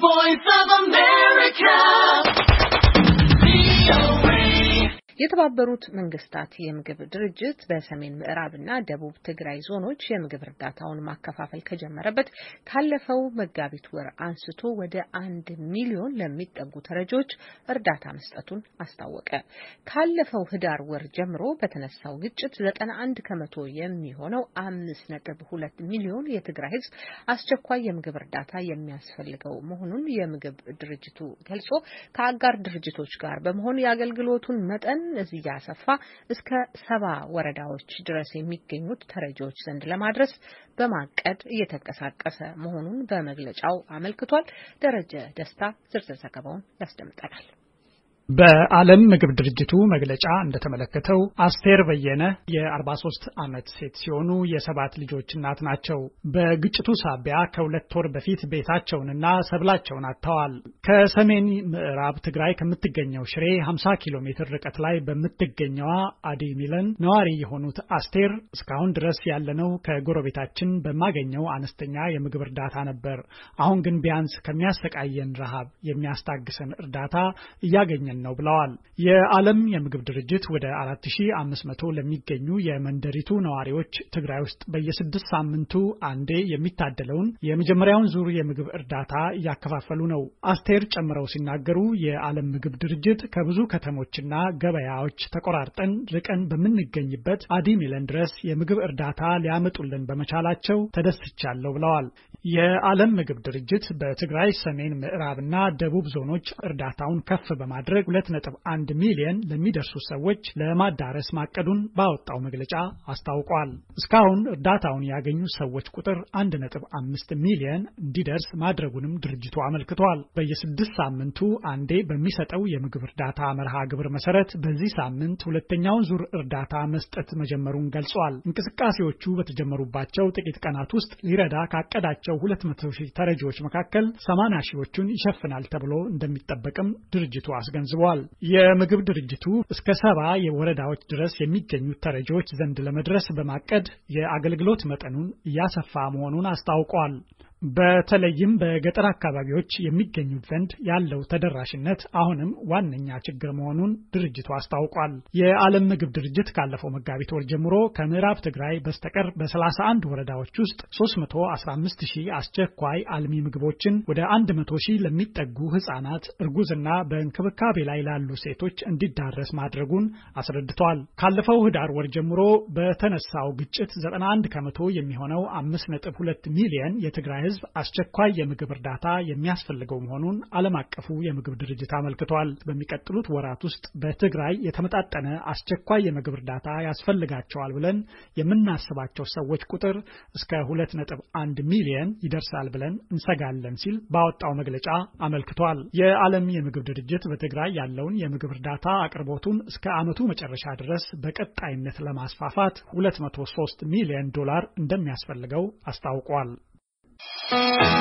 voice of a man. የተባበሩት መንግስታት የምግብ ድርጅት በሰሜን ምዕራብና ደቡብ ትግራይ ዞኖች የምግብ እርዳታውን ማከፋፈል ከጀመረበት ካለፈው መጋቢት ወር አንስቶ ወደ አንድ ሚሊዮን ለሚጠጉ ተረጂዎች እርዳታ መስጠቱን አስታወቀ። ካለፈው ህዳር ወር ጀምሮ በተነሳው ግጭት ዘጠና አንድ ከመቶ የሚሆነው አምስት ነጥብ ሁለት ሚሊዮን የትግራይ ህዝብ አስቸኳይ የምግብ እርዳታ የሚያስፈልገው መሆኑን የምግብ ድርጅቱ ገልጾ ከአጋር ድርጅቶች ጋር በመሆን የአገልግሎቱን መጠን እዚህ አሰፋ እስከ ሰባ ወረዳዎች ድረስ የሚገኙት ተረጂዎች ዘንድ ለማድረስ በማቀድ እየተንቀሳቀሰ መሆኑን በመግለጫው አመልክቷል። ደረጀ ደስታ ዝርዝር ዘገባውን ያስደምጠናል። በዓለም ምግብ ድርጅቱ መግለጫ እንደተመለከተው አስቴር በየነ የ43 ዓመት ሴት ሲሆኑ የሰባት ልጆች እናት ናቸው። በግጭቱ ሳቢያ ከሁለት ወር በፊት ቤታቸውንና ሰብላቸውን አጥተዋል። ከሰሜን ምዕራብ ትግራይ ከምትገኘው ሽሬ 50 ኪሎ ሜትር ርቀት ላይ በምትገኘዋ አዲ ሚለን ነዋሪ የሆኑት አስቴር እስካሁን ድረስ ያለነው ከጎረቤታችን በማገኘው አነስተኛ የምግብ እርዳታ ነበር። አሁን ግን ቢያንስ ከሚያሰቃየን ረሃብ የሚያስታግሰን እርዳታ እያገኘን የሚያሳዝን ነው ብለዋል። የዓለም የምግብ ድርጅት ወደ 4500 ለሚገኙ የመንደሪቱ ነዋሪዎች ትግራይ ውስጥ በየስድስት ሳምንቱ አንዴ የሚታደለውን የመጀመሪያውን ዙር የምግብ እርዳታ እያከፋፈሉ ነው። አስቴር ጨምረው ሲናገሩ የዓለም ምግብ ድርጅት ከብዙ ከተሞችና ገበያዎች ተቆራርጠን ርቀን በምንገኝበት አዲ ሚለን ድረስ የምግብ እርዳታ ሊያመጡልን በመቻላቸው ተደስቻለሁ ብለዋል። የዓለም ምግብ ድርጅት በትግራይ ሰሜን ምዕራብና ደቡብ ዞኖች እርዳታውን ከፍ በማድረግ 2.1 ሚሊየን ለሚደርሱ ሰዎች ለማዳረስ ማቀዱን ባወጣው መግለጫ አስታውቋል። እስካሁን እርዳታውን ያገኙ ሰዎች ቁጥር 1.5 ሚሊየን እንዲደርስ ማድረጉንም ድርጅቱ አመልክቷል። በየስድስት ሳምንቱ አንዴ በሚሰጠው የምግብ እርዳታ መርሃ ግብር መሰረት በዚህ ሳምንት ሁለተኛውን ዙር እርዳታ መስጠት መጀመሩን ገልጿል። እንቅስቃሴዎቹ በተጀመሩባቸው ጥቂት ቀናት ውስጥ ሊረዳ ካቀዳቸው ካላቸው 200 ሺህ ተረጂዎች መካከል 80 ሺዎቹን ይሸፍናል ተብሎ እንደሚጠበቅም ድርጅቱ አስገንዝበዋል። የምግብ ድርጅቱ እስከ ሰባ የወረዳዎች ድረስ የሚገኙት ተረጂዎች ዘንድ ለመድረስ በማቀድ የአገልግሎት መጠኑን እያሰፋ መሆኑን አስታውቋል። በተለይም በገጠር አካባቢዎች የሚገኙት ዘንድ ያለው ተደራሽነት አሁንም ዋነኛ ችግር መሆኑን ድርጅቱ አስታውቋል። የዓለም ምግብ ድርጅት ካለፈው መጋቢት ወር ጀምሮ ከምዕራብ ትግራይ በስተቀር በ31 ወረዳዎች ውስጥ 315 ሺህ አስቸኳይ አልሚ ምግቦችን ወደ 100 ሺህ ለሚጠጉ ህጻናት፣ እርጉዝና በእንክብካቤ ላይ ላሉ ሴቶች እንዲዳረስ ማድረጉን አስረድቷል። ካለፈው ህዳር ወር ጀምሮ በተነሳው ግጭት 91 ከመቶ የሚሆነው 5.2 ሚሊየን የትግራይ ሕዝብ አስቸኳይ የምግብ እርዳታ የሚያስፈልገው መሆኑን ዓለም አቀፉ የምግብ ድርጅት አመልክቷል። በሚቀጥሉት ወራት ውስጥ በትግራይ የተመጣጠነ አስቸኳይ የምግብ እርዳታ ያስፈልጋቸዋል ብለን የምናስባቸው ሰዎች ቁጥር እስከ 2.1 ሚሊየን ይደርሳል ብለን እንሰጋለን ሲል ባወጣው መግለጫ አመልክቷል። የዓለም የምግብ ድርጅት በትግራይ ያለውን የምግብ እርዳታ አቅርቦቱን እስከ ዓመቱ መጨረሻ ድረስ በቀጣይነት ለማስፋፋት 203 ሚሊዮን ዶላር እንደሚያስፈልገው አስታውቋል። thank you